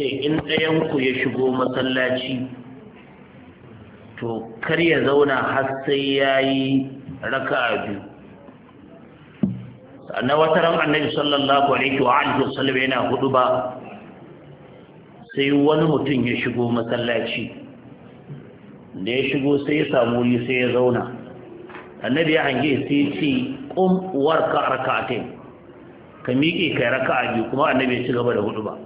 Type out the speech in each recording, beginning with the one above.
ce in ɗayanku ya shigo masallaci to kar ya zauna har sai ya yi raka biyu na wata ran annabi sallallahu alaihi wa alihi wasallam yana hudu ba sai wani mutum ya shigo masallaci da ya shigo sai ya samu wuri sai ya zauna annabi ya hange sai ya ce kum warka raka'atain ka miƙe kai raka'a biyu kuma annabi ya ci gaba da hudu ba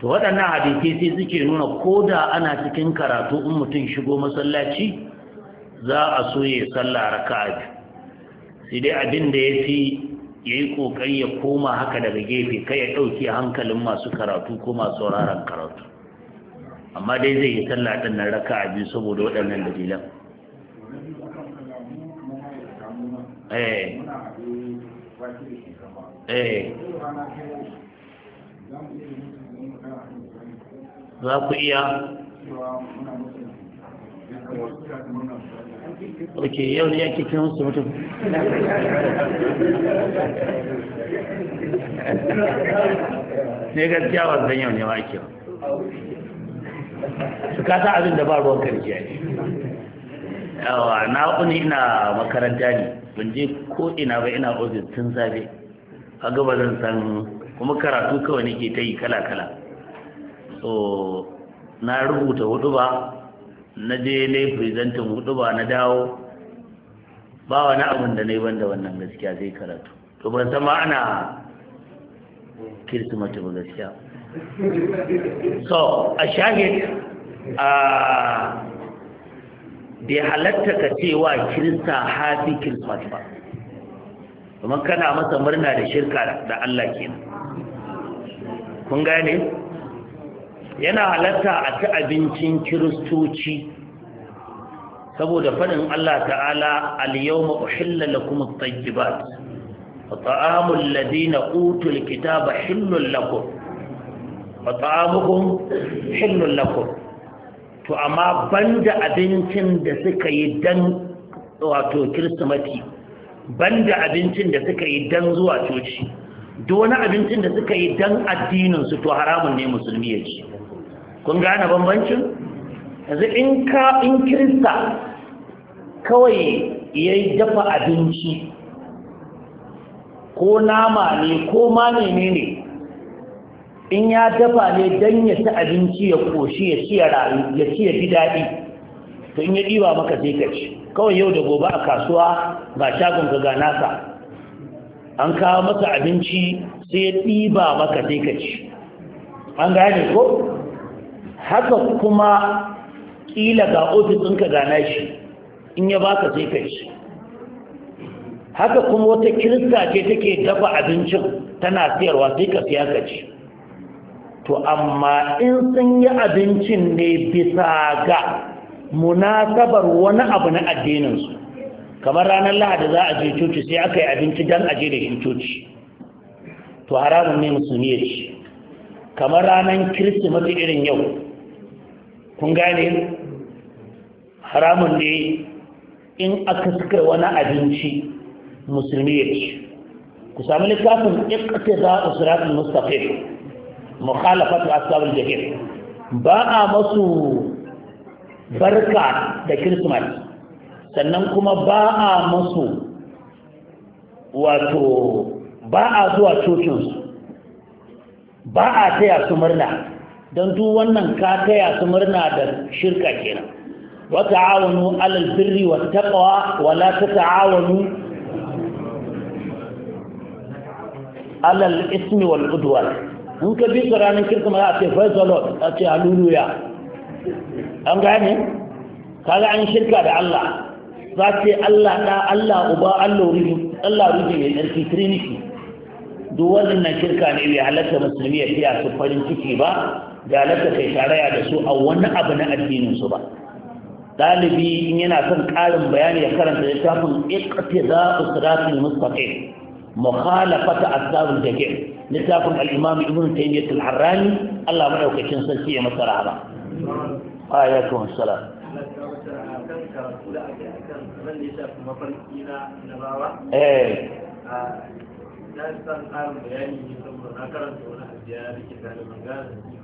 to waɗannan hadisi sai suke nuna ko da ana cikin karatu in mutum shigo masallaci za a so ya salla raka'a sai dai abin da ya fi ya yi ƙoƙari ya koma haka daga gefe kai ya ɗauke hankalin masu karatu ko masu sauraron karatu amma dai zai yi salla ɗin nan raka'a biyu saboda waɗannan dalilan eh eh za ku iya ok yau ne ake kira musu mutum ne gaskiya ba zan yau ne ma ake su kasa abin da ba ruwan karfiya ne yawa na kuni ina makaranta ne ban je ko ina ba ina ofis tun safe a gaba zan san kuma karatu kawai nake ta yi kala-kala so na rubuta hudu ba na je ne presentin hudu ba na dawo ba wani abin da na yi banda wannan gaskiya zai karatu to ban sama ana kirsimati ba gaskiya so a shahid a bai halatta ka cewa kirista hafi kirsimati ba kuma kana masa murna da shirka da Allah ke. kun gane yana halatta a ci abincin kiristoci saboda faɗin Allah ta'ala al-yawma uhilla lakum at-tayyibat wa ta'amul ladina utul kitaba hillun lakum wa ta'amukum hillul lakum to amma banda abincin da suka yi dan wato kirsimati banda abincin da suka yi dan zuwa coci duk wani abincin da suka yi dan addinin su to haramun ne musulmi ya ci kun gane bambancin yanzu in ka kirista kawai ya yi dafa abinci ko nama ne ko ma ne ne in ya dafa ne don ya ci abinci ya koshi ya ci ya rayu ci ya fi daɗi to in ya ɗiba maka sai ka ci kawai yau da gobe a kasuwa ba shagon ka ga an kawo maka abinci sai ya ɗiba maka sai ka ci an gane ko haka kuma ƙila ga ofis ka gana shi in ya baka sai kai shi haka kuma wata kirista ce take dafa abincin tana siyarwa sai ka siya ka to amma in sun yi abincin ne bisa ga munasabar wani abu na addininsu kamar ranar lahadi za a je coci sai aka yi abinci dan a je da shi coci to haramun ne musulmi ya ce. kamar ranar kirsimeti irin yau kun gane haramun ne in aka suka wani abinci musulmi ya ce ku sami littafin iqtida usratul mustafa mukhalafatu ashabul jahil ba a masu barka da Kirismas sannan kuma ba a masu wato ba a zuwa cocinsu ba a taya su murna don duk wannan ka taya su murna da shirka kenan wa ta'awanu alal birri wat taqwa wa la ta'awanu alal ismi wal udwan in ka bi su ranar kirka ma za a ce faisalot a ce haluluya an gane kaga an shirka da Allah za ce Allah da Allah uba Allah rufi Allah rufi mai tsarki trinity duk wannan shirka ne bai halatta musulmi ya fiya su farin ciki ba da halatta kai tarayya da su a wani abu na addinin su ba ɗalibi in yana son ƙarin bayani ya karanta littafin iqtida'u siratil a mukhalafata asbabul jahil littafin al-imam ibn taymiyyah al-harrani Allah madaukakin sarki ya masa rahama ayatu wassalam eh na san ƙarin bayani ne saboda na karanta wani abu ya rike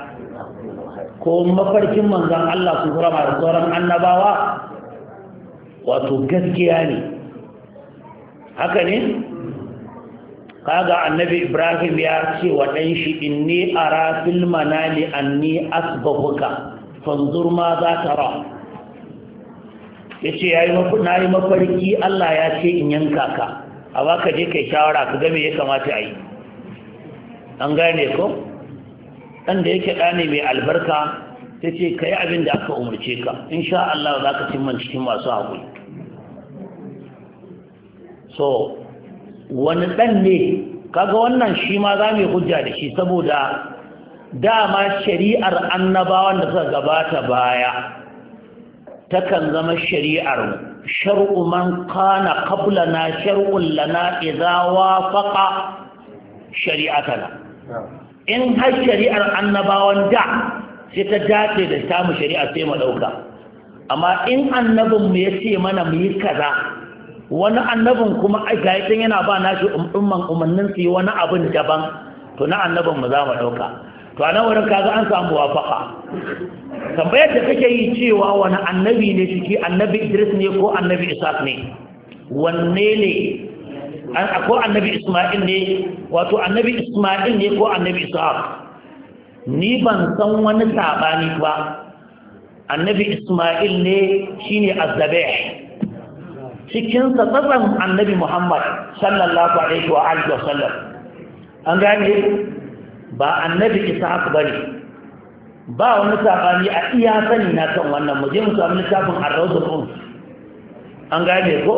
ko mafarkin manzan Allah su zama da sauran annabawa wato gaskiya ne haka ne kaga annabi ibrahim ya ce wa ɗan shi inni ara fil manali anni asbahuka fanzur ma za ta ra Ya ce na yi mafarki Allah ya ce in yanka ka a baka je kai shawara ka ga ya kamata a yi an gane ko ɗan da yake ɗane mai albarka ta ce ka yi abin da aka umarce ka in sha Allah za ka cimma cikin masu haƙuri so wani ɗan ne kaga wannan shi ma za mu hujja da shi saboda dama shari'ar annabawan da suka gabata baya takan zama shari'ar shar'u man kana qablana shar'u lana idza wafaqa shari'atana in har shari'ar annabawan da sai ta dace da samun shari'a sai mu ɗauka amma in annabin mu ya ce mana mu yi kaza wani annabin kuma ga yi yana ba na shi um-, umman umarnin su yi wani abin daban to na annabin mu za mu ɗauka to a wurin kaga an samu wafaka tambayar da kake yi cewa wani annabi ne ciki annabi idris ne ko annabi isaac ne wanne ne an ko annabi isma'il ne wato annabi isma'il ne ko annabi ishaq ni ban san wani sabani ba annabi isma'il ne shine azabe cikin sa annabi muhammad sallallahu alaihi wa alihi wasallam an gane ba annabi ishaq bane ba wani sabani a iya sani na kan wannan mu je mu samu littafin ar an gane ko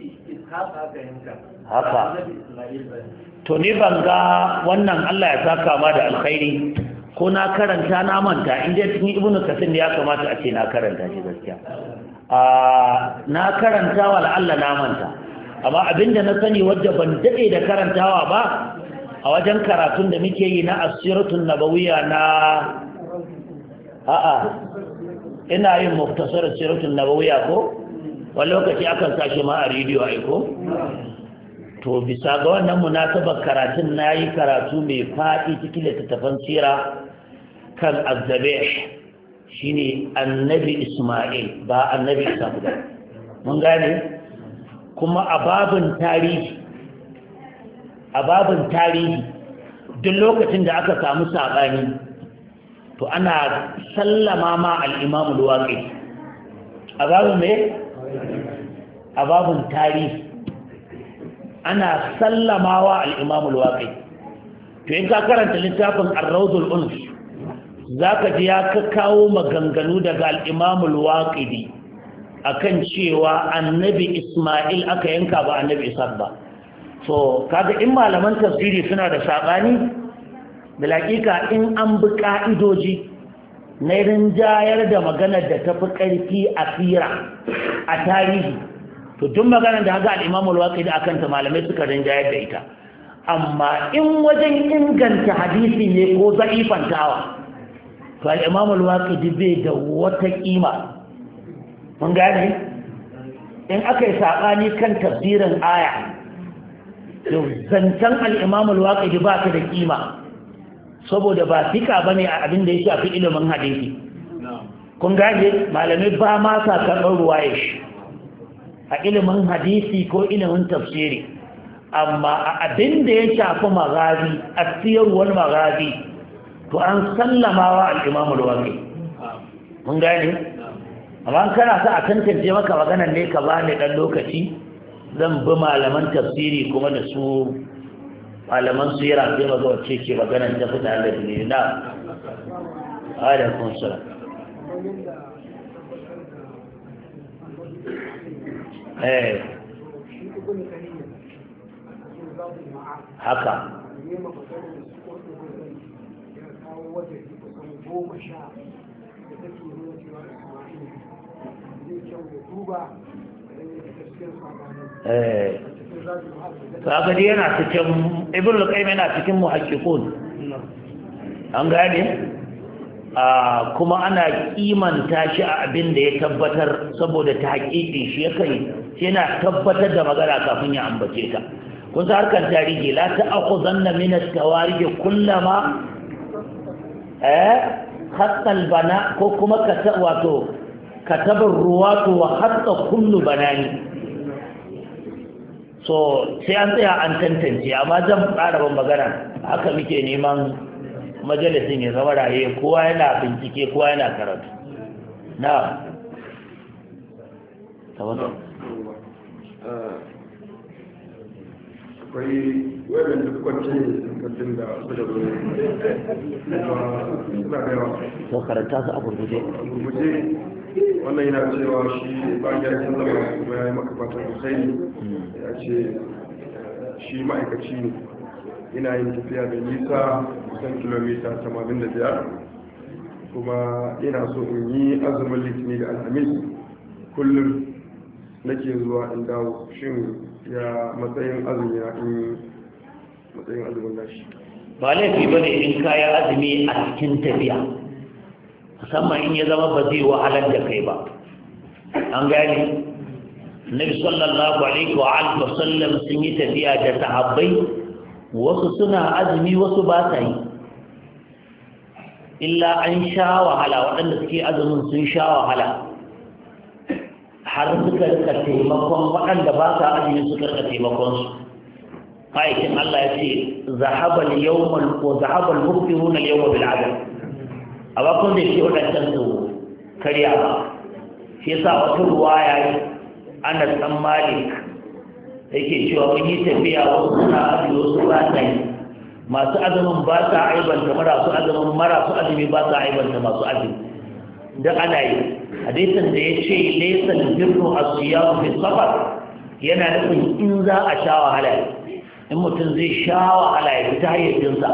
haka to ni ban ga wannan Allah ya saka ma da alkhairi ko na karanta na manta in cikin ibnu kasir ne ya kamata a ce na karanta shi gaskiya a na karanta wa Allah na manta amma abinda na sani wajja ban dade da karantawa ba a wajen karatun da muke yi na asiratun nabawiya na a'a ina yin muftasar asiratun nabawiya ko wani lokaci akan sashe ma a rediyo aiko to bisa ga wannan munasabar karatun na yi karatu mai faɗi cikin littattafan tsira kan azabe shi ne annabi ismail ba annabi isa ba mun gane kuma a babin tarihi a tarihi duk lokacin da aka samu saɓani to ana sallama ma al'imamul luwaƙi a babin mai a babin tarihi ana sallamawa al'imamul waƙi to in ka karanta littafin arrauzul unus za ka ji ya kawo maganganu daga al'imamul waƙi a kan cewa annabi ismail aka yanka ba annabi isar ba so kaga in malaman tafsiri suna da saɓani bilakika in an bi ƙa'idoji na rinjayar da maganar da ta fi ƙarfi a tsira a tarihi to duk maganar da haka al-Imam al-Waqidi akan malamai suka rinjayar da ita amma in wajen inganta hadisi ne ko za'ifantawa to al-Imam bai da wata kima mun gane in aka yi sabani kan tafsirin aya to zancen al-Imam ba ta da ƙima. saboda ba fika bane a abin da ya fi ilimin hadisi kun gane malamai ba ma sa karɓar ruwaye shi a ilimin hadisi ko ilimin tafsiri amma a abin da ya shafi magazi a siyarwar magazi to an sallamawa al'imamul wani mun gane amma kana sa a tantance maka maganar ne ka ba ni ɗan lokaci zan bi malaman tafsiri kuma da su malaman sira sai ba zuwa ce ke ta tafi da Allah ne na kun Eh. haka eh. kaga dai yana cikin ibn al yana cikin muhakkikun an gane ah, kuma ana kimanta shi a abin da ya tabbatar saboda ta tahqiqi shi ya kai. yana tabbatar da magana kafin ya ambace ta kun sa harkar tarihi la zanna min at-tawarij kullama eh hatta bana ko kuma ka wato katabar to wa hatta kullu banani so sai an tsaya an tantance amma zan fara ban magana haka muke neman majalisin ya zama raye kowa yana bincike kowa yana karatu na akwai wajen duk kwanci kwanci da su da wuri suna da yawa to karanta su a gurguje a gurguje wannan yana cewa shi bayan ya san zama kuma ya yi maka fatan ne ya ce shi ma'aikaci ne yana yin tafiya da nisa kusan kilomita 85 kuma yana so in yi azumin litini da alhamis kullum nake zuwa in dawo shin ya matsayin azumi na in matsayin azumin nashi ba laifi ba ne in kaya azumi a cikin tafiya musamman in ya zama ba zai wahalar da kai ba an gane nabi sallallahu alaihi wa alihi wasallam sun yi tafiya da sahabbai wasu suna azumi wasu ba sa yi illa an sha wahala waɗanda suke azumin sun sha wahala har suka rika taimakon waɗanda ba sa ajiye suka rika taimakon su ma'aikin Allah ya ce zahabal yawmal ko zahabal muftiruna yawma bil adl a bakon da ke wadancan su karya ba shi yasa wata yi ana san malik yake cewa mun yi tafiya wasu suna ajiye wasu ba ta yi masu azumin ba sa aibanta marasu azumin marasu azumi ba sa aibanta masu azumi duk ana yi hadisin da ya ce laysa albirru as-siyam fi safar yana nufin in za a sha wahala in mutum zai sha wahala ya fita hayyacinsa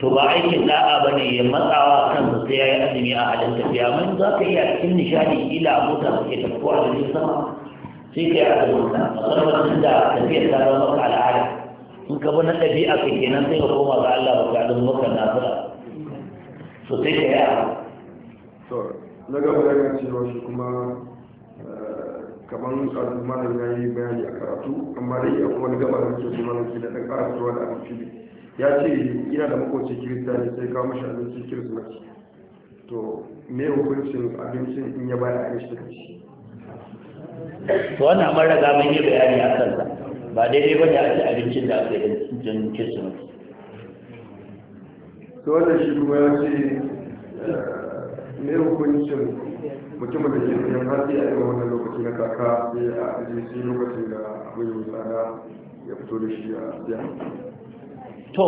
to ba aikin da'a ba ne ya matsawa kansa sai ya yi azumi a halin tafiya man za ka iya cikin nishadi ila mota ke tafiya da sama sai ka yi azumin ka musamman da tafiyar ta zama maka al'ada in ka bi na ɗabi'a ka kenan sai ka koma ga Allah ba ka azumin maka nasara so sai ka yi na gaba da cewa shi kuma eh, kamar da ya yi bayani a karatu amma dai a kuma gaba da ke kuma nake da ɗan ƙara da abin fili ya ce ina da makoci kirista ne sai kawo mashi abincin kirismas. to me hukuncin abincin in ya baya a da kashi to wannan amma raga mun yi bayani a kansa ba daidai ba ne a ci abincin da aka yi don kirismeti to wannan shi kuma ya ce eh, mai hukuncin mutumin da ke sayan hatsi a irin wannan lokaci na kaka sai eh, a ajiye sai lokacin da abin yi tsada ya fito da shi a siya to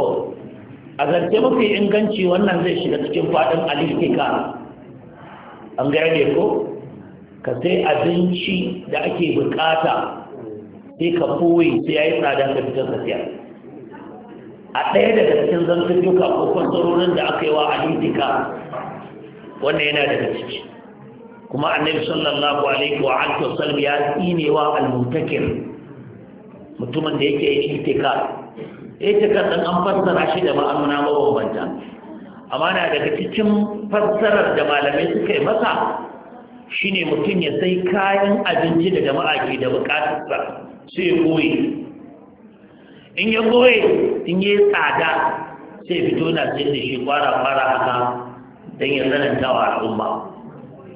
a zarce mafi inganci wannan zai shiga cikin faɗin alistika an gane ko ka sai abinci da ake bukata sai ka koyi sai ya yi tsada ka fitar ka a ɗaya daga cikin zantattuka ko kwantarorin da aka yi wa alistika Wannan yana daga ciki kuma annabi sallallahu alaihi wa alihi wasallam ya wa al-mutakir mutumin da yake itika ka dan an fassara shi da ma'amuna mabambanta amma na daga cikin fassarar da malamai suka yi masa shine mutum ya sai kayan abinci da jama'a ke da bukatarsa sai koyi in ya koyi in yi tsada sai fito na sai da shi kwara kwara haka don ya tsananta wa al'umma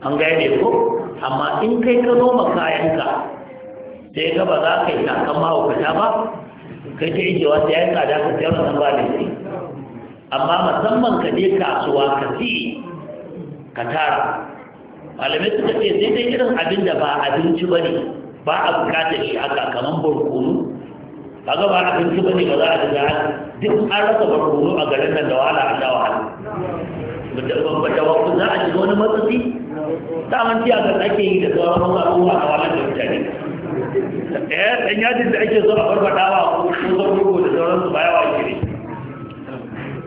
an gane ko amma in kai ka noma kayanka sai ka ba za ka yi takan mahaukata ba kai ta ijewa sai ya yi tsada ka sayar da ba da shi amma musamman ka je kasuwa ka fi ka tara malamai suka ce sai dai irin abin da ba abinci ba ne ba a bukatar shi haka kamar barkono ga ba abinci ba ne ba za a daga duk an rasa barkono a garin nan da wahala a sha wahala bata wakku za a shiga wani matsatsi daman tiya ga ake yi da sauran wasu al'umma a wannan da mutane eh dan yajin da ake so a farfadawa ko zarurgo da sauransu ba yawa ke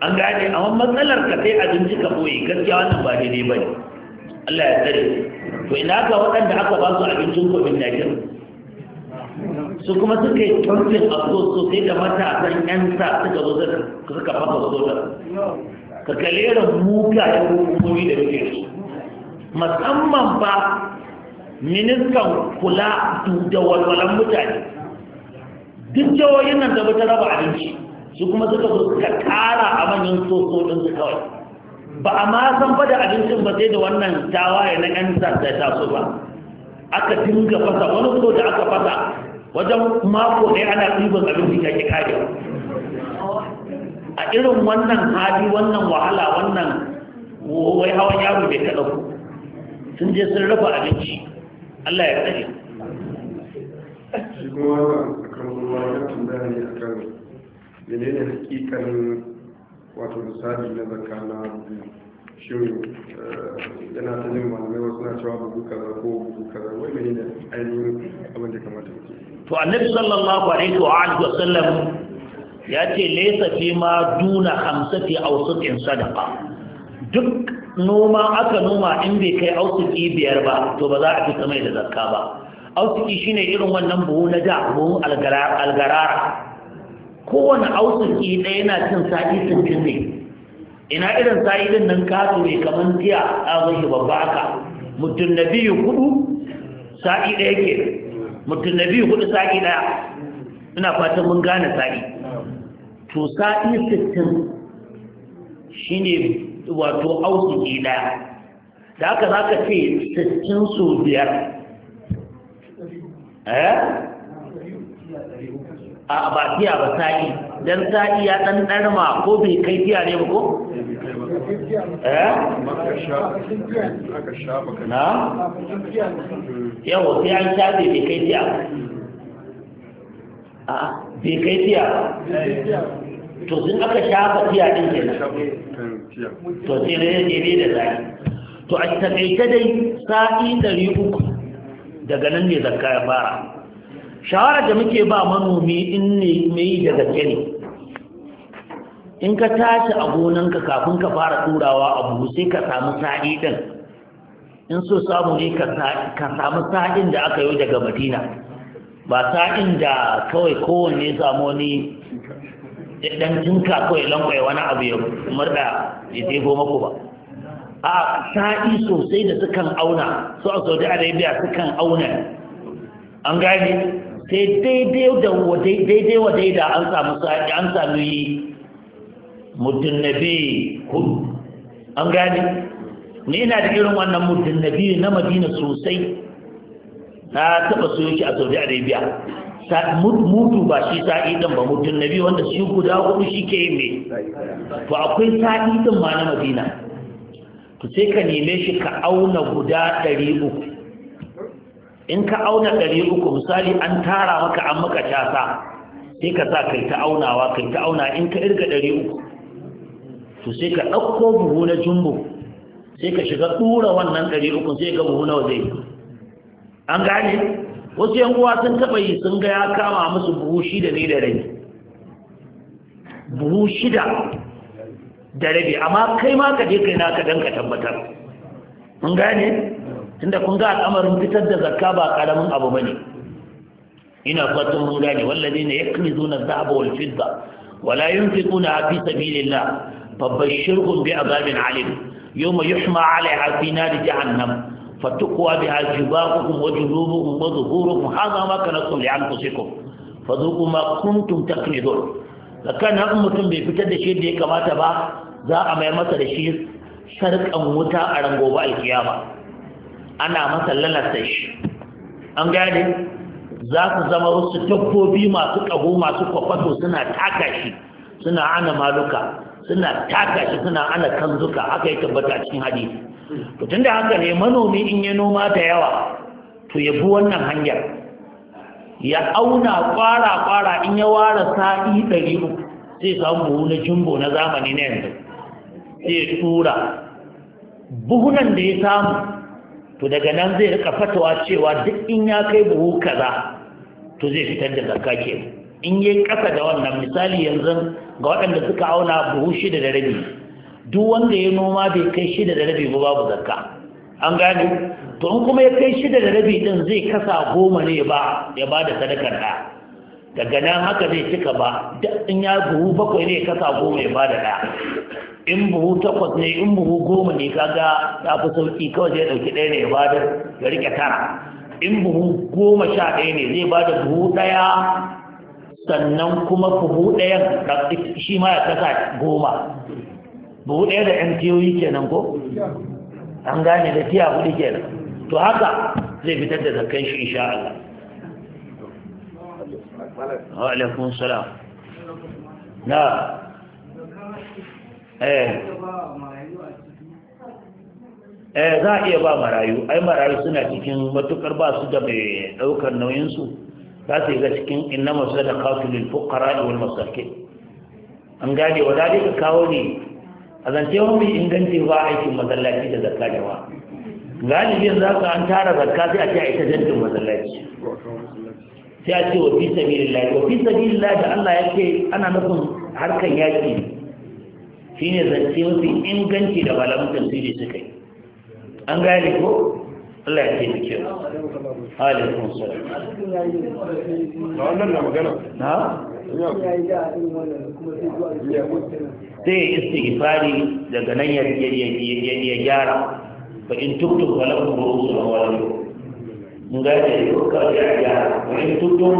an gane A amma matsalar ka sai abinci ka boye gaskiya wannan ba daidai ba ne Allah ya tsare to ina ga waɗanda aka ba su abincin covid 19 su kuma suka yi tontin a so sai da san yan sa suka zo suka fasa sotar ka kaleran muka ta hukumomi da muke su musamman ba ministan kula da walwalan mutane duk jawoyin nan da ta raba abinci su kuma suka zo suka kara a manyan sosodin su kawai ba a ma san ba abincin ba sai da wannan tawaye na yan sassa ya taso ba aka dinga fasa wani so da aka fasa wajen mako ɗaya ana ɗiban abinci ya ke karewa irin wannan hali wannan wahala wannan wai hawan yaro bai kaɗa ku sun je sun rufe abinci Allah ya kare shi menene hakikanin wato misali na zaka na shirin eh, yana ta jin malamai wasu na cewa bugu kaza ko bugu kaza wai menene ainihin abin da kamata mutum to annabi sallallahu alaihi wa alihi wa sallam ya ce laisa fi ma duna hamsati ausukin sadaka duk noma aka noma in bai kai ausuki biyar ba to ba za a fita mai da zakka ba ausuki shine irin wannan buhu na da buhun algarara kowane ausuki ɗaya yana cin sa'i sittin ne ina irin sa'i din nan kato ne kamar tiya a zai babba aka mutum na biyu hudu sa'i ɗaya ke mutum na biyu hudu sa'i ɗaya ina fatan mun gane sa'i to sa'i shi ne wato ausu ɗaya da aka za ka ce sittin su biyar eh? a ba fiya ba sa'i don sa'i ya ɗan ɗarma ko bai kai fiya ne ba ko? Eh? Yau sai an sha bai kai fiya a bai kai fiya to sun aka shafa tiya ɗin ke to sai da ne da zaki to a taƙaice dai sa'i ɗari uku daga nan ne zakka ya fara shawara da muke ba manomi in ne mai da gaske ne in ka tashi a gonanka kafin ka fara turawa a buhu sai ka samu sa'i ɗin in so samu ne ka samu sa'in da aka yi daga madina ba sa'in da kawai kowanne samu wani dan jinka ko ya lankwaya wani abu ya murda ya jego maku ba a sa'i sosai da sukan auna su a saudi arabia sukan auna an gane sai daidai da daidai wa daida an samu sa'i an samu yi muddin nabi hudu an gane ni ina da irin wannan muddin nabi na madina sosai na taba soyoki a saudi arabia mutu ba shi sa'i ɗin ba mutum na biyu wanda shi guda hudu shi ke yi to akwai sa'i ɗin ma na madina to sai ka neme shi ka auna guda ɗari uku in ka auna ɗari uku misali an tara maka an maka casa sai ka sa kai ta aunawa kai ta auna in ka irga ɗari uku to sai ka ɗauko buhu na jumbo sai ka shiga ɗura wannan ɗari uku sai ka buhu nawa zai an gane wasu yan uwa sun taɓa yi sun ga ya kama musu buhu shida ne da rabi buhu shida da rabi amma kai ma ka je kai na dan ka tabbatar mun gane tunda kun ga al'amarin fitar da zakka ba ƙaramin abu ba ne ina fatan mun gane wallahi ne ya kini zuwa zaba wal fidda wala yunfiquna fi sabilillah fabashshirhum bi azabin alim yawma yuhma alaiha fi nar jahannam ba kun kun ma فتقوى بها جباهكم وجنوبكم وظهوركم هذا ما كنتم لأنفسكم فذوقوا ما كنتم تكرهون لكن هذا mutum bai fitar da shi da ya kamata ba za a mai masa da shi sarkan wuta a ran gobe alkiyama ana masa lalata shi an gane za su zama wasu dabbobi masu kago masu kwafato suna taka shi suna ana maluka suna taka shi suna ana kanzuka haka ya tabbata cikin hadisi to tunda haka ne manomi in ya noma ta yawa to ya bi wannan hanyar ya auna kwara-kwara in ya ware sa'i ɗari uku zai samu buhu na jumbo na zamani na yanzu zai tura buhunan da ya samu to daga nan zai rika fatawa cewa duk in ya kai buhu kaza to zai fitar da zakka in yi ƙasa da wannan misali yanzu ga waɗanda suka auna buhu shida da rabi duk wanda ya noma bai kai shida da rabi ba babu zakka an gane to in kuma ya kai shida da rabi din zai kasa goma ne ba ya ba da sadakar da daga nan haka zai cika ba in ya buhu bakwai ne kasa goma ya ba da da? in buhu takwas ne in buhu goma ne kaga ta fi sauki kawai zai ɗauki ɗaya ne ya ba da ya riƙe tara in buhu goma sha ɗaya ne zai ba da buhu ɗaya sannan kuma buhu ɗayan shi ma ya kasa goma buhu ɗaya da mtoe kenan ko an gane da tiya hudu kenan to haka zai fitar da zakkan shi insha Allah wa alaikun salam na eh eh za a iya ba marayu ai marayu suna cikin matukar ba su da mai daukar nauyinsu za su yi ga cikin inna masu da kasu lil fuqara wal masakin an gane wa da ka kawo ne a zance mai inganci ba aikin masallaci da zakka da wa galibi za haka an tara zakka sai a ce a ita jantin masallaci sai a ce wa fi sabilillah wa fi sabilillah da Allah ya ce ana nufin yaƙi Shi ne zance mafi inganci da su ne suka yi an gane ko Allah ya ce miki alaikum salam na wannan na magana na Zai yi istighfari daga nan ya gyara ba in tuktum su na wani mun ga da yau ka ya gyara ba in tuktum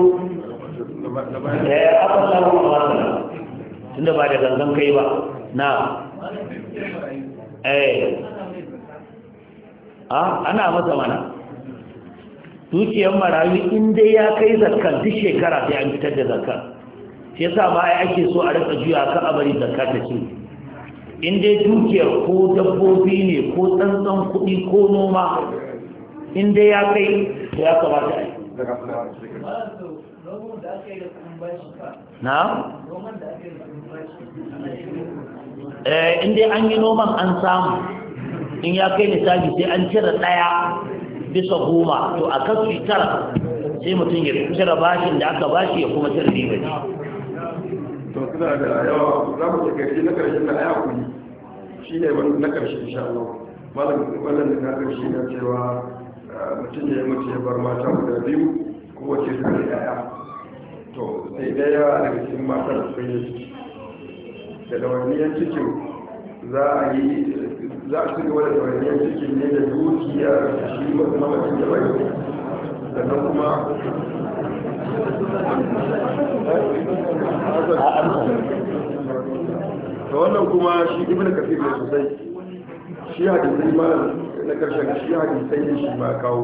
da ya aka samu amana tunda ba da gangan kai ba na eh a ana masa mana dukiyar marayu in dai ya kai zarkar duk shekara sai an fitar da zarkar sai yasa ma ai ake so a rika juya ka a bari zakka ta ce in dai dukiyar ko dabbobi ne ko tsantsan kuɗi ko noma in dai ya kai to ya kamata a yi na? Eh, in dai an yi noman an samu in ya kai lissafi sai an cire ɗaya bisa goma to a kasu tara sai mutum ya cire bashin da aka bashi ya kuma cire riba suna da yawa za mu kai na karshe da aya kuli shi ne wani na karshe insha Allah malam wannan na karshe na cewa ah, mutum ya mutu ya bar mata guda biyu ko wace ta da yaya to sai daya daga cikin matar sai ya ciki da dawaniyar cikin za a yi za a shiga wani dawaniyar cikin ne da dukiya shi wani mamacin da bai da kuma a to wannan kuma shi ibina kafin da sosai shi hadisi ma na karshen shi hadisi ne shi ma kawo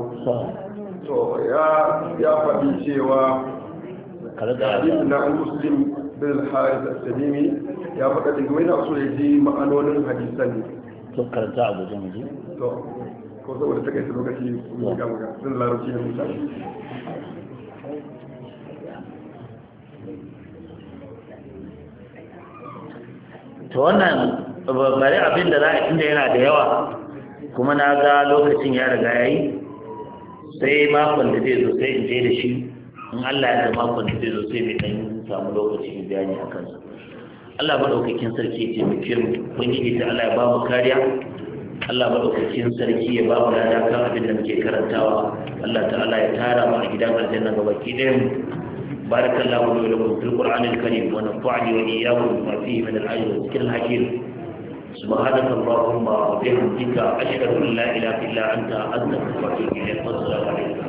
to ya faɗi cewa hadisi na muslim bin haris salimi ya faɗa daga na asu ya ji ma'anonin hadisan to karanta a gudun ji to ko saboda ta lokaci mun ga ga sun larabci da mutane To wannan bari abin da za a inda yana da yawa kuma na ga lokacin ya riga ya yi sai makon da zai zo sai in je da shi in Allah ya da makon da zai zo sai mai ɗan samu lokacin bayani a kansa Allah maɗaukakin sarki ya taimake mu ubangiji ta Allah ya ba mu kariya Allah maɗaukakin sarki ya ba mu lada kan abin da muke karantawa Allah ta'ala ya tara mu a gidan aljanna gabaki ɗayan mu بارك الله لي ولكم في القرآن الكريم ونفعني وإياكم بما فيه من الآية والذكر الحكيم سبحانك اللهم وبحمدك أشهد أن لا إله إلا أنت أستغفرك وأتوب إليك والسلام عليكم